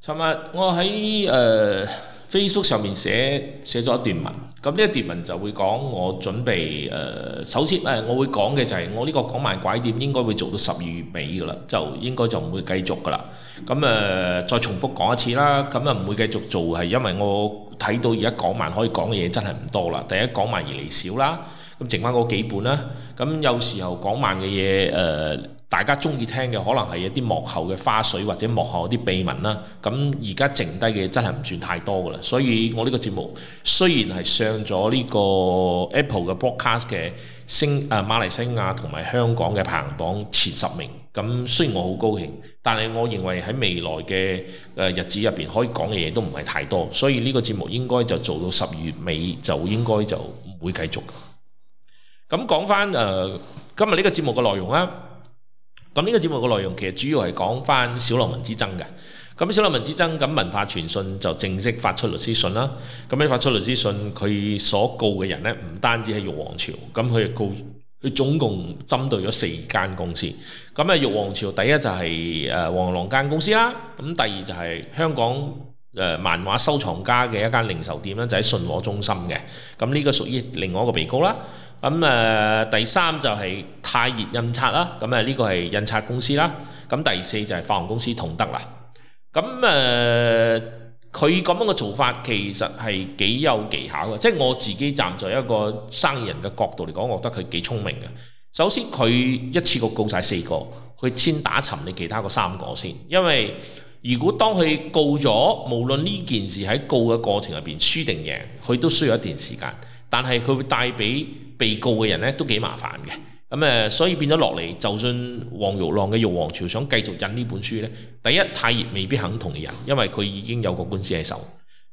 尋日我喺誒 Facebook 上面寫寫咗一段文，咁呢一段文就會講我準備誒，首先誒我會講嘅就係我呢個港漫拐點應該會做到十二月尾噶啦，就應該就唔會繼續噶啦。咁誒再重複講一次啦，咁啊唔會繼續做係因為我睇到而家港漫可以講嘅嘢真係唔多啦。第一港漫而嚟少啦，咁剩翻嗰幾本啦。咁有時候港漫嘅嘢誒。大家中意聽嘅可能係一啲幕後嘅花絮或者幕後啲秘聞啦，咁而家剩低嘅真係唔算太多噶啦。所以我呢個節目雖然係上咗呢個 Apple 嘅 podcast 嘅星啊馬來西亞同埋香港嘅排行榜前十名，咁雖然我好高興，但係我認為喺未來嘅誒日子入邊可以講嘅嘢都唔係太多，所以呢個節目應該就做到十二月尾就應該就唔會繼續。咁講返誒、呃、今日呢個節目嘅內容啦。咁呢個節目嘅內容其實主要係講翻小流氓之爭嘅。咁小流氓之爭，咁文化傳信就正式發出律師信啦。咁呢發出律師信，佢所告嘅人呢唔單止係玉皇朝，咁佢告佢總共針對咗四間公司。咁啊玉皇朝第一就係誒黃龍間公司啦，咁第二就係香港誒、呃、漫畫收藏家嘅一間零售店啦，就喺、是、信和中心嘅。咁呢個屬於另外一個被告啦。咁誒、呃、第三就係太熱印刷啦，咁誒呢個係印刷公司啦。咁、啊、第四就係發行公司同德啦。咁誒佢咁樣嘅做法其實係幾有技巧嘅，即、就、係、是、我自己站在一個生意人嘅角度嚟講，我覺得佢幾聰明嘅。首先佢一次過告晒四個，佢先打沉你其他個三個先。因為如果當佢告咗，無論呢件事喺告嘅過程入邊輸定贏，佢都需要一段時間。但係佢會帶俾被告嘅人咧都幾麻煩嘅，咁誒，所以變咗落嚟，就算黃玉郎嘅玉皇朝想繼續印呢本書呢，第一太熱未必肯同你印，因為佢已經有個官司喺手，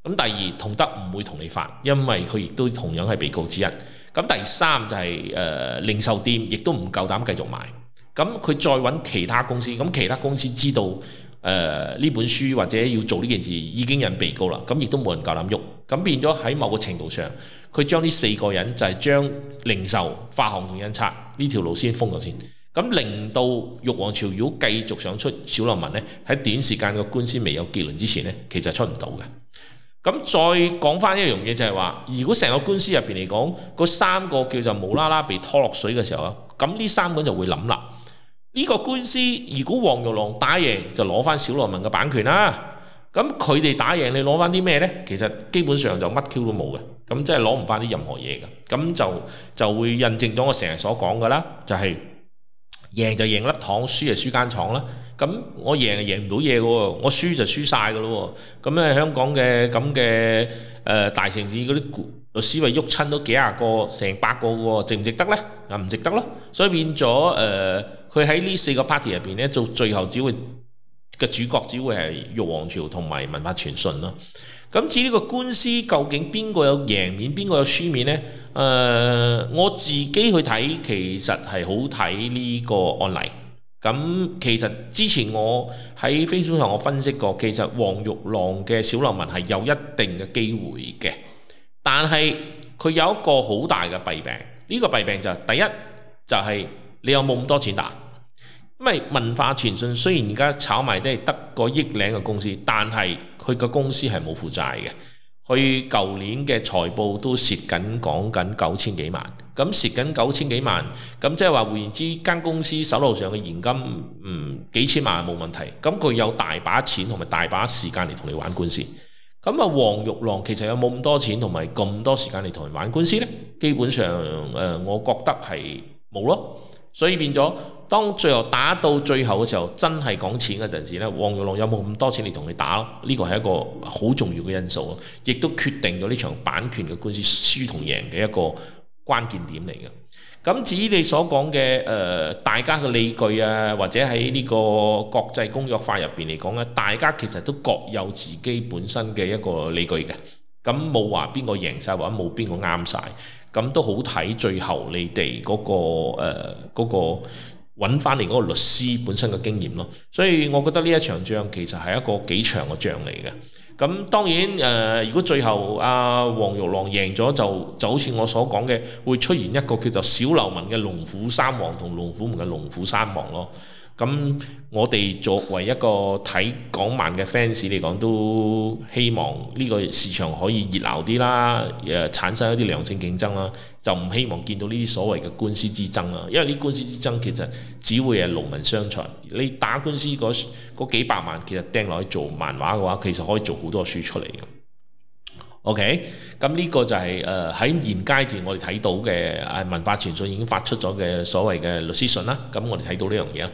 咁第二同德唔會同你發，因為佢亦都同樣係被告之一，咁第三就係、是、誒、呃、零售店亦都唔夠膽繼續賣，咁佢再揾其他公司，咁其他公司知道。誒呢、呃、本書或者要做呢件事已經有人被告啦，咁亦都冇人夠膽喐，咁變咗喺某個程度上，佢將呢四個人就係將零售化行同印刷呢條路先封咗先，咁令到玉皇朝如果繼續想出小流氓呢，喺短時間個官司未有結論之前呢，其實出唔到嘅。咁再講翻一樣嘢就係話，如果成個官司入邊嚟講，嗰三個叫做無啦啦被拖落水嘅時候啊，咁呢三個人就會諗啦。呢個官司，如果黃玉郎打贏就攞翻《小流氓》嘅版權啦。咁佢哋打贏，你攞翻啲咩呢？其實基本上就乜 Q 都冇嘅。咁即係攞唔翻啲任何嘢嘅。咁就就會印證咗我成日所講嘅啦。就係、是、贏就贏粒糖，輸就輸間廠啦。咁我贏就贏唔到嘢嘅喎，我輸就輸晒嘅咯。咁咧香港嘅咁嘅誒大城市嗰啲律師費郁親都幾廿個，成百個喎，值唔值得呢？啊唔值得咯。所以變咗誒。呃佢喺呢四個 party 入邊咧，做最後只會嘅主角，只會係玉皇朝同埋文化傳信咯。咁至於個官司究竟邊個有贏面，邊個有輸面呢？誒、呃，我自己去睇，其實係好睇呢個案例。咁、嗯、其實之前我喺 Facebook 上我分析過，其實黃玉郎嘅小流氓係有一定嘅機會嘅，但係佢有一個好大嘅弊病。呢、這個弊病就係、是、第一就係、是、你有冇咁多錢打？因為文化傳信雖然而家炒賣都係得個億零嘅公司，但係佢個公司係冇負債嘅。佢舊年嘅財報都蝕緊，講緊九千幾萬。咁蝕緊九千幾萬，咁即係話換言之，間公司手頭上嘅現金唔、嗯、幾千萬係冇問題。咁佢有大把錢同埋大把時間嚟同你玩官司。咁啊，黃玉郎其實有冇咁多錢同埋咁多時間嚟同人玩官司呢？基本上誒、呃，我覺得係冇咯。所以變咗，當最後打到最後嘅時候，真係講錢嗰陣時咧，黃玉郎有冇咁多錢嚟同佢打呢？呢個係一個好重要嘅因素咯，亦都決定咗呢場版權嘅官司輸同贏嘅一個關鍵點嚟嘅。咁至於你所講嘅誒，大家嘅理據啊，或者喺呢個國際公約法入邊嚟講咧，大家其實都各有自己本身嘅一個理據嘅。咁冇話邊個贏晒，或者冇邊個啱晒。咁都好睇，最後你哋嗰、嗰個誒揾翻嚟嗰個律師本身嘅經驗咯，所以我覺得呢一場仗其實係一個幾長嘅仗嚟嘅。咁、嗯、當然誒、呃，如果最後阿黃玉郎贏咗，就就好似我所講嘅，會出現一個叫做小流氓嘅龍虎三王同龍虎門嘅龍虎三王咯。咁我哋作為一個睇港漫嘅 fans 嚟講，都希望呢個市場可以熱鬧啲啦，誒產生一啲良性競爭啦，就唔希望見到呢啲所謂嘅官司之爭啦。因為呢啲官司之爭其實只會係勞民傷財。你打官司嗰幾百萬，其實掟落去做漫畫嘅話，其實可以做好多書出嚟嘅。OK，咁呢個就係誒喺現階段我哋睇到嘅誒文化傳信已經發出咗嘅所謂嘅律師信啦。咁我哋睇到呢樣嘢啦。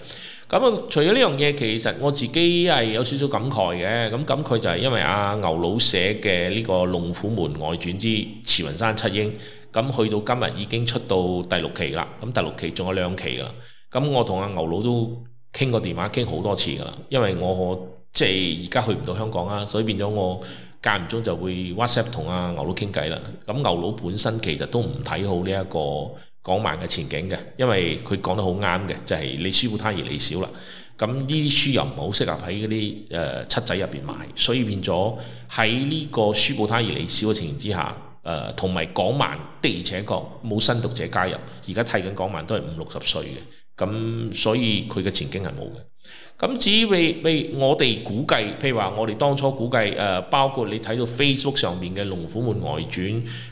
咁啊，除咗呢樣嘢，其實我自己係有少少感慨嘅。咁咁佢就係因為阿牛佬寫嘅呢個《龍虎門外傳之慈雲山七英》，咁去到今日已經出到第六期啦。咁第六期仲有兩期噶。咁我同阿牛佬都傾過電話傾好多次噶啦。因為我，我即係而家去唔到香港啦，所以變咗我。間唔中就會 WhatsApp 同阿牛佬傾偈啦。咁牛佬本身其實都唔睇好呢一個港漫嘅前景嘅，因為佢講得好啱嘅，就係、是、你書報攤而嚟少啦。咁呢啲書又唔好適合喺嗰啲誒七仔入邊買，所以變咗喺呢個書報攤而嚟少嘅情形之下，誒同埋港漫的而且確冇新讀者加入。而家睇緊港漫都係五六十歲嘅，咁所以佢嘅前景係冇嘅。咁至於未未，我哋估計，譬如話，我哋當初估計，誒、呃，包括你睇到 Facebook 上面嘅《龍虎門外傳》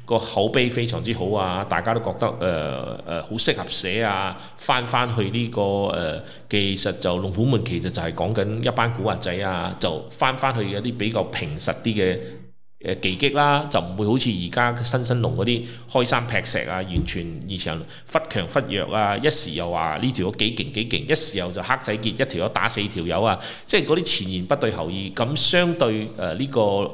個口碑非常之好啊，大家都覺得誒誒好適合寫啊，翻翻去呢、這個誒、呃，其實就《龍虎門》其實就係講緊一班古惑仔啊，就翻翻去一啲比較平實啲嘅。誒技擊啦，就唔會好似而家新生龍嗰啲開山劈石啊，完全以前忽強忽弱啊，一時又話呢條友幾勁幾勁，一時又就黑仔傑一條友打四條友啊，即係嗰啲前言不對後語，咁相對誒呢、呃呢個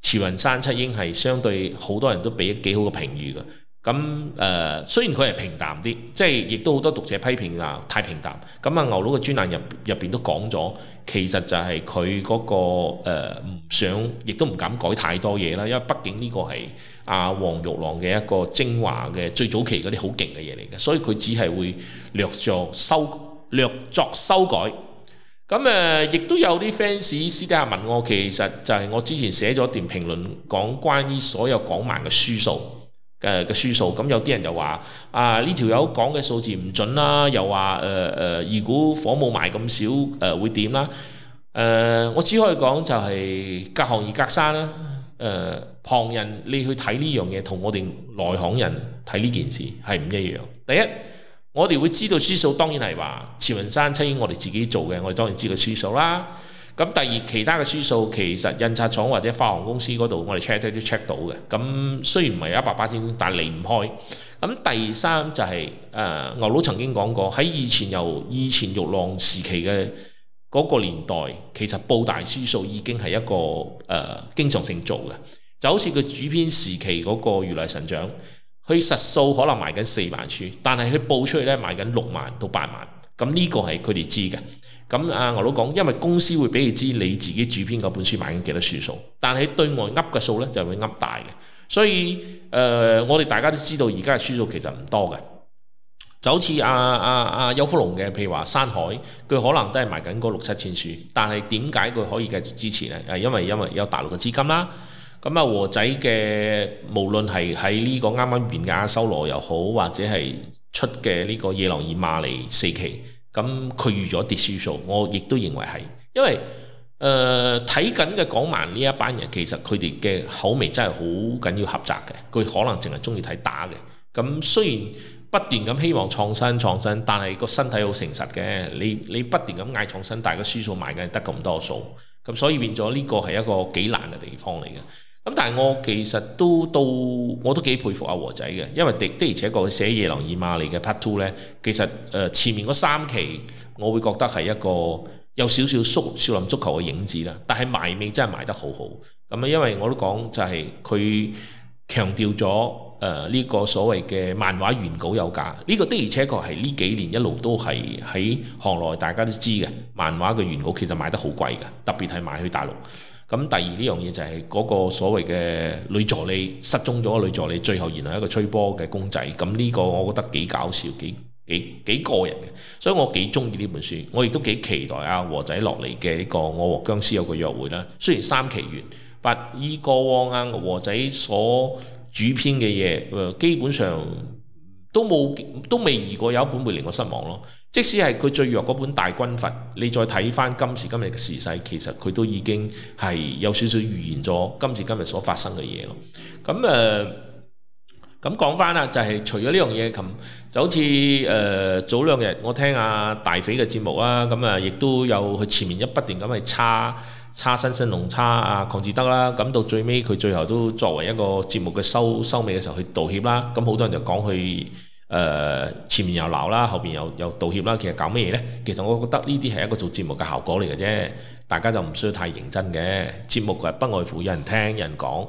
慈雲山七英係相對好多人都俾幾好嘅評語㗎。咁誒、呃，雖然佢係平淡啲，即係亦都好多讀者批評啦，太平淡。咁啊，牛佬嘅專欄入入邊都講咗，其實就係佢嗰個唔、呃、想，亦都唔敢改太多嘢啦，因為畢竟呢個係阿黃玉郎嘅一個精華嘅最早期嗰啲好勁嘅嘢嚟嘅，所以佢只係會略作修略作修改。咁誒，亦、呃、都有啲 fans 私底下問我，其實就係我之前寫咗段評論，講關於所有港漫嘅書數。誒嘅輸數咁、嗯、有啲人就話啊，呢條友講嘅數字唔準啦，又話誒誒如果火冇賣咁少誒會點啦？誒、呃、我只可以講就係隔行而隔山啦、啊。誒、呃、旁人你去睇呢樣嘢，同我哋內行人睇呢件事係唔一樣。第一，我哋會知道輸數，當然係話慈雲山、青衣我哋自己做嘅，我哋當然知道輸數啦。咁第二，其他嘅書數，其實印刷廠或者發行公司嗰度，我哋 check 都 check 到嘅。咁雖然唔係一百八千，但係離唔開。咁第三就係、是、誒、呃、牛佬曾經講過，喺以前由以前玉郎時期嘅嗰個年代，其實報大書數已經係一個誒、呃、經常性做嘅，就好似佢主編時期嗰個如來神掌，佢實數可能賣緊四萬書，但係佢報出去咧賣緊六萬到八萬，咁呢個係佢哋知嘅。咁啊、嗯，牛佬講，因為公司會俾佢知你自己主編嗰本書買緊幾多書數，但係對外噏嘅數咧就會噏大嘅。所以誒、呃，我哋大家都知道，而家嘅書數其實唔多嘅。就好似阿阿阿邱福龍嘅，譬如話山海，佢可能都係賣緊嗰六七千書，但係點解佢可以繼續支持呢？係因為因為有大陸嘅資金啦。咁啊，和仔嘅無論係喺呢個啱啱完嘅阿修羅又好，或者係出嘅呢個夜狼與瑪莉四期。咁佢預咗跌輸數，我亦都認為係，因為誒睇緊嘅港漫呢一班人，其實佢哋嘅口味真係好緊要狹窄嘅，佢可能淨係鍾意睇打嘅。咁雖然不斷咁希望創新創新，但係個身體好誠實嘅，你你不斷咁嗌創新，但係個輸數賣緊得咁多數，咁所以變咗呢個係一個幾難嘅地方嚟嘅。咁但係我其實都到我都幾佩服阿和仔嘅，因為的的而且確寫《夜郎與瑪莉》嘅 Part Two 呢，其實誒、呃、前面嗰三期，我會覺得係一個有少少縮少，少林足球嘅影子啦。但係賣尾真係賣得好好，咁啊，因為我都講就係、是、佢強調咗誒呢個所謂嘅漫畫原稿有價，呢、這個的而且確係呢幾年一路都係喺行內大家都知嘅漫畫嘅原稿其實賣得好貴嘅，特別係賣去大陸。咁第二呢樣嘢就係嗰個所謂嘅女助理失蹤咗，女助理最後原來係一個吹波嘅公仔，咁、這、呢個我覺得幾搞笑，幾幾幾過癮嘅，所以我幾中意呢本書，我亦都幾期待阿和仔落嚟嘅呢個《我和殭屍有個約會》啦。雖然三期完，八依哥啊，和仔所主編嘅嘢，基本上都冇都未移過有一本會令我失望咯。即使係佢最弱嗰本大軍閥，你再睇翻今時今日嘅時勢，其實佢都已經係有少少預言咗今時今日所發生嘅嘢咯。咁誒，咁講翻啦，就係、是、除咗呢樣嘢，咁就好似誒、呃、早兩日我聽阿大飛嘅節目啦，咁誒亦都有佢前面一不斷咁去叉叉新新龍叉阿鄺志德啦，咁、啊、到最尾佢最後都作為一個節目嘅收收尾嘅時候去道歉啦，咁好多人就講佢。誒、呃、前面又鬧啦，後邊又又道歉啦，其實搞乜嘢呢？其實我覺得呢啲係一個做節目嘅效果嚟嘅啫，大家就唔需要太認真嘅節目，係不外乎有人聽、有人講。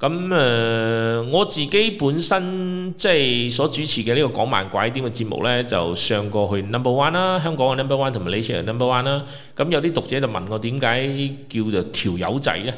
咁、嗯、誒，我自己本身即係所主持嘅呢個港漫拐點嘅節目呢，就上過去 number one 啦，香港嘅 number one 同埋 Malaysia 嘅 number one 啦。咁有啲讀者就問我點解叫做條友仔呢？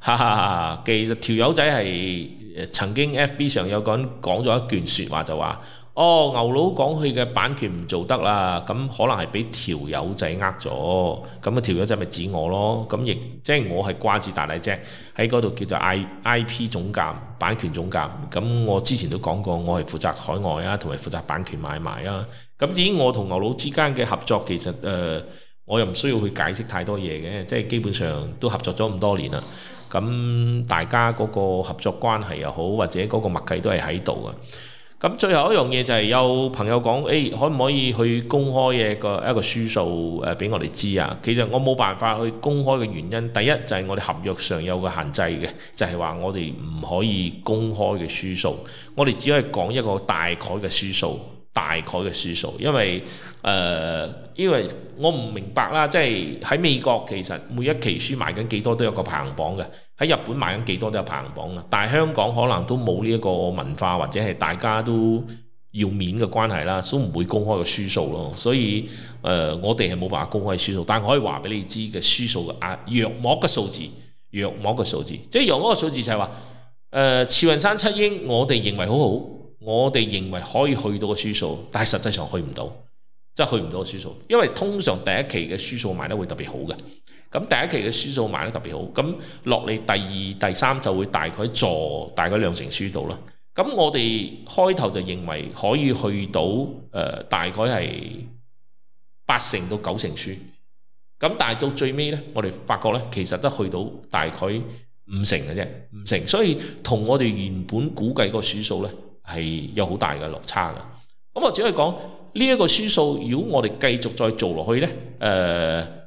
哈哈，其實條友仔係曾經 FB 上有個人講咗一句説話就說，就話。哦，牛佬講佢嘅版權唔做得啦，咁可能係俾條友仔呃咗，咁個條友仔咪指我咯，咁亦即係我係瓜子大大隻，喺嗰度叫做 I I P 總監，版權總監，咁我之前都講過，我係負責海外啊，同埋負責版權買賣啊，咁至於我同牛佬之間嘅合作，其實誒、呃，我又唔需要去解釋太多嘢嘅，即係基本上都合作咗咁多年啦，咁大家嗰個合作關係又好，或者嗰個默契都係喺度啊。咁最後一樣嘢就係有朋友講，誒、欸、可唔可以去公開嘅一個書數誒俾我哋知啊？其實我冇辦法去公開嘅原因，第一就係、是、我哋合約上有個限制嘅，就係、是、話我哋唔可以公開嘅書數，我哋只可以講一個大概嘅書數，大概嘅書數，因為誒、呃，因為我唔明白啦，即係喺美國其實每一期書賣緊幾多都有個排行榜嘅。喺日本買緊幾多都有排行榜啊，但係香港可能都冇呢一個文化或者係大家都要面嘅關係啦，都唔會公開個輸數咯。所以誒、呃，我哋係冇辦法公開輸數，但係可以話俾你知嘅輸數嘅啊，約莫嘅數字，約莫嘅數字，即係約莫嘅數字就係話誒慈雲山七英，我哋認為好好，我哋認為可以去到個輸數，但係實際上去唔到，即係去唔到個輸數，因為通常第一期嘅輸數賣得會特別好嘅。咁第一期嘅書數賣得特別好，咁落嚟第二、第三就會大概坐大概兩成書到啦。咁我哋開頭就認為可以去到誒、呃、大概係八成到九成書，咁但係到最尾呢，我哋發覺呢其實得去到大概五成嘅啫，五成。所以同我哋原本估計個書數呢係有好大嘅落差㗎。咁我只可以講呢一個書數，如果我哋繼續再做落去呢。誒、呃。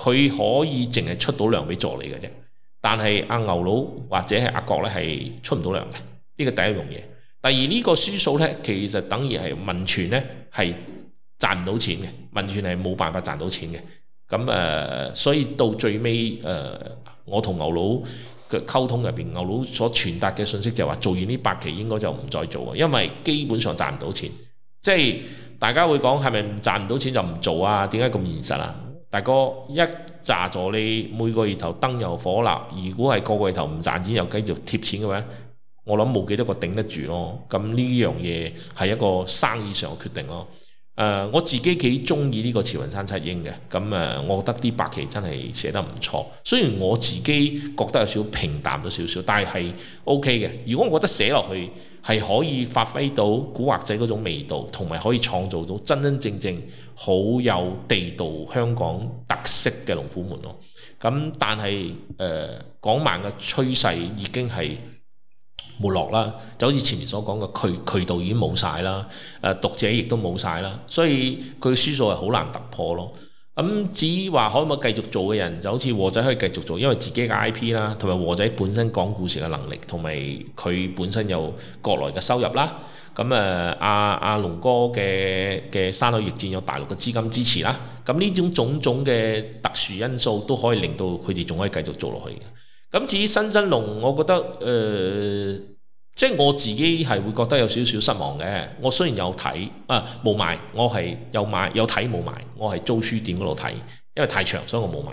佢可以淨係出到糧俾助理嘅啫，但係阿牛佬或者係阿國呢，係出唔到糧嘅，呢個第一樣嘢。第二呢、這個輸數呢，其實等於係文傳呢，係賺唔到錢嘅，文傳係冇辦法賺到錢嘅。咁、呃、誒，所以到最尾誒、呃，我同牛佬嘅溝通入邊，牛佬所傳達嘅信息就係話，做完呢八期應該就唔再做啊，因為基本上賺唔到錢。即係大家會講係咪唔賺唔到錢就唔做啊？點解咁現實啊？大哥一揸咗你每個月頭燈油火蠟，如果係個個月頭唔賺錢又繼續貼錢嘅話，我諗冇幾多個頂得住咯。咁呢樣嘢係一個生意上嘅決定咯。誒、呃、我自己幾中意呢個慈雲山七英嘅，咁、呃、誒我覺得啲白旗真係寫得唔錯，雖然我自己覺得有少少平淡咗少少，但係 O K 嘅。如果我覺得寫落去係可以發揮到古惑仔嗰種味道，同埋可以創造到真真正正好有地道香港特色嘅龍虎門咯。咁、呃、但係誒、呃、港漫嘅趨勢已經係。沒落啦，就好似前面所講嘅渠渠道已經冇晒啦，誒，讀者亦都冇晒啦，所以佢嘅書數係好難突破咯。咁至於話可唔可以繼續做嘅人，就好似和仔可以繼續做，因為自己嘅 I P 啦，同埋和仔本身講故事嘅能力，同埋佢本身有國內嘅收入啦。咁誒，阿阿龍哥嘅嘅《山海逆戰》有大陸嘅資金支持啦。咁呢種種種嘅特殊因素都可以令到佢哋仲可以繼續做落去。咁至於新新龍，我覺得誒。呃即係我自己係會覺得有少少失望嘅。我雖然有睇啊冇買。我係有買有睇冇買。我係租書店嗰度睇，因為太長所以我冇買。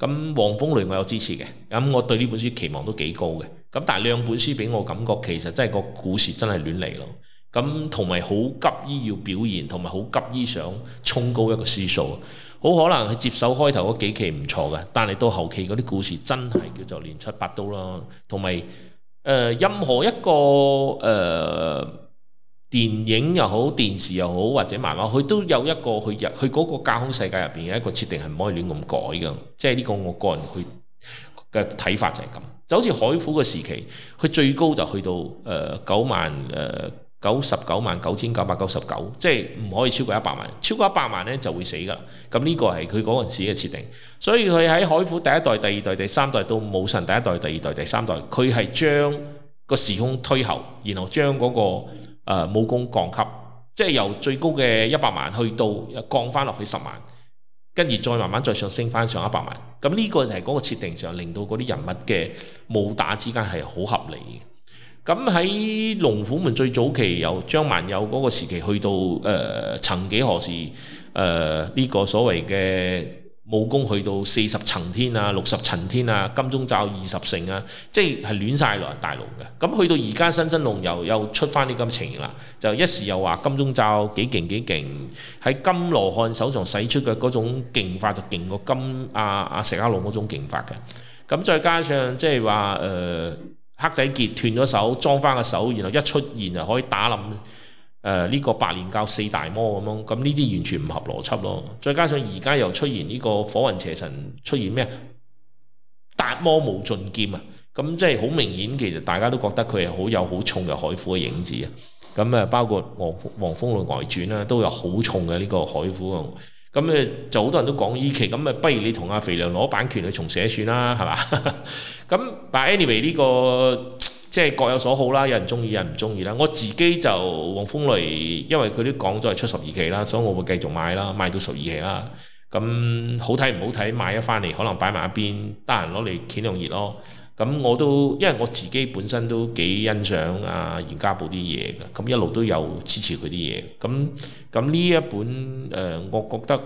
咁《黃蜂雷》我有支持嘅，咁我對呢本書期望都幾高嘅。咁但係兩本書俾我感覺其實真係、嗰個故事真係亂嚟咯。咁同埋好急於要表現，同埋好急於想衝高一個市數，好可能佢接手開頭嗰幾期唔錯嘅，但係到後期嗰啲故事真係叫做亂七八糟咯，同埋。呃、任何一個誒、呃、電影又好，電視又好，或者漫畫，佢都有一個佢入佢嗰個架空世界入邊嘅一個設定係唔可以亂咁改嘅，即係呢個我個人去嘅睇法就係咁。就好似海虎嘅時期，佢最高就去到誒九、呃、萬誒。呃九十九萬九千九百九十九，即係唔可以超過一百萬。超過一百萬呢就會死㗎。咁、這、呢個係佢嗰陣時嘅設定。所以佢喺海虎第一代、第二代、第三代到武神第一代、第二代、第三代，佢係將個時空推後，然後將嗰個武功降級，即係由最高嘅一百萬去到降翻落去十萬，跟住再慢慢再上升翻上一百萬。咁、這、呢個就係嗰個設定上令到嗰啲人物嘅武打之間係好合理嘅。咁喺龍虎門最早期，由張萬友嗰個時期去到誒曾、呃、幾何時誒呢、呃呢個所謂嘅武功去到四十層天啊、六十層天啊、金鐘罩二十成啊，即係係亂曬落大龍嘅。咁去到而家新新龍又又出翻啲咁嘅情形啦，就一時又話金鐘罩幾勁幾勁，喺金羅漢手上使出嘅嗰種勁法就勁過金阿阿、啊啊、石阿龍嗰種勁法嘅。咁再加上即係話誒。呃黑仔傑斷咗手裝翻個手，然後一出現就可以打冧誒呢個白蓮教四大魔咁樣，咁呢啲完全唔合邏輯咯。再加上而家又出現呢個火雲邪神出現咩啊？達摩無盡劍啊，咁即係好明顯，其實大家都覺得佢係好有好重嘅海虎嘅影子啊。咁誒包括《黃黃蜂路外傳》啦，都有好重嘅呢個海虎啊。咁誒就好多人都講呢期，咁誒不如你同阿肥良攞版權去重寫算啦，係嘛？咁但係 anyway 呢、這個即係各有所好啦，有人中意，有人唔中意啦。我自己就黃風雷，因為佢都講咗係出十二期啦，所以我會繼續買啦，買到十二期啦。咁好睇唔好睇，買一翻嚟可能擺埋一邊，得閒攞嚟鉛兩頁咯。咁我都，因為我自己本身都幾欣賞啊，袁家寶啲嘢嘅，咁一路都有支持佢啲嘢。咁咁呢一本誒、呃，我覺得誒、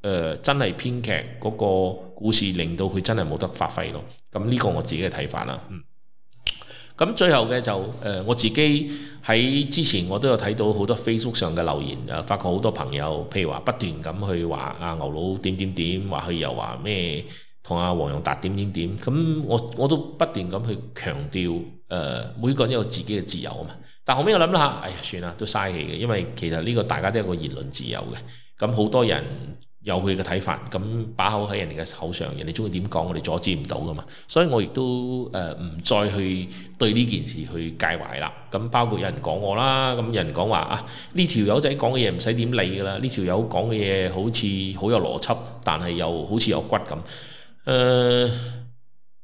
呃、真係編劇嗰個故事令到佢真係冇得發揮咯。咁呢個我自己嘅睇法啦。嗯。咁最後嘅就誒、呃，我自己喺之前我都有睇到好多 Facebook 上嘅留言，誒、呃，發覺好多朋友，譬如話不斷咁去話阿、啊、牛佬點點點點，話佢又話咩？同阿黃容達點點點咁，我我都不斷咁去強調，誒、呃，每個人都有自己嘅自由啊嘛。但後尾我諗下，哎呀，算啦，都嘥氣嘅，因為其實呢個大家都有個言論自由嘅。咁好多人有佢嘅睇法，咁把口喺人哋嘅口上，人哋中意點講，我哋阻止唔到噶嘛。所以我亦都誒唔、呃、再去對呢件事去介懷啦。咁包括有人講我啦，咁有人講話啊，呢條友仔講嘅嘢唔使點理噶啦，呢條友講嘅嘢好似好有邏輯，但係又好似有骨咁。誒、呃，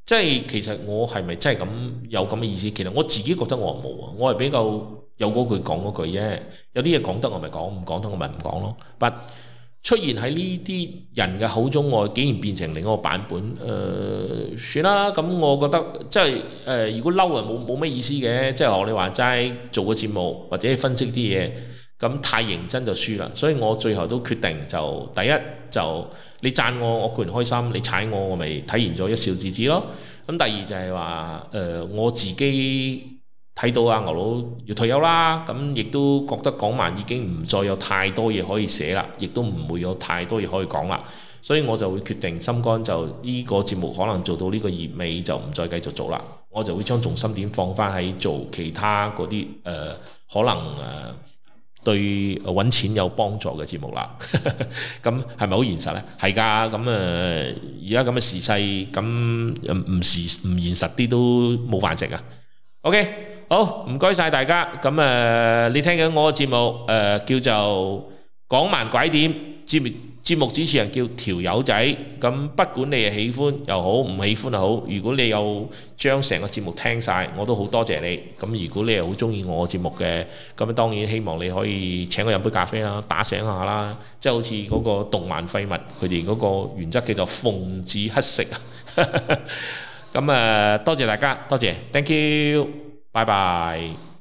即係其實我係咪真係咁有咁嘅意思？其實我自己覺得我冇啊，我係比較有嗰句講嗰句啫。有啲嘢講得我咪講，唔講得我咪唔講咯。但出現喺呢啲人嘅口中，我竟然變成另一個版本。誒、呃，算啦。咁我覺得即係誒、呃，如果嬲啊，冇冇咩意思嘅。即係學你話齋，做個節目或者分析啲嘢，咁太認真就輸啦。所以我最後都決定就第一就。你讚我，我固然開心；你踩我，我咪體現咗一笑置之咯。咁第二就係、是、話，誒、呃、我自己睇到阿牛佬要退休啦，咁亦都覺得港漫已經唔再有太多嘢可以寫啦，亦都唔會有太多嘢可以講啦，所以我就會決定心肝，就呢個節目可能做到呢個月尾就唔再繼續做啦，我就會將重心點放翻喺做其他嗰啲誒可能誒。呃對揾錢有幫助嘅節目啦，咁係咪好現實咧？係㗎，咁誒而家咁嘅時勢，咁唔時唔現實啲都冇飯食啊。OK，好唔該晒大家，咁誒你聽緊我嘅節目誒，叫做講慢鬼點港漫拐點節目。節目主持人叫條友仔，咁不管你係喜歡又好唔喜歡又好，如果你有將成個節目聽晒，我都好多謝你。咁如果你係好中意我嘅節目嘅，咁當然希望你可以請我飲杯咖啡啦，打醒我下啦，即係好似嗰個動漫廢物佢哋嗰個原則叫做奉旨乞食。咁誒、 呃，多謝大家，多謝，thank you，拜拜。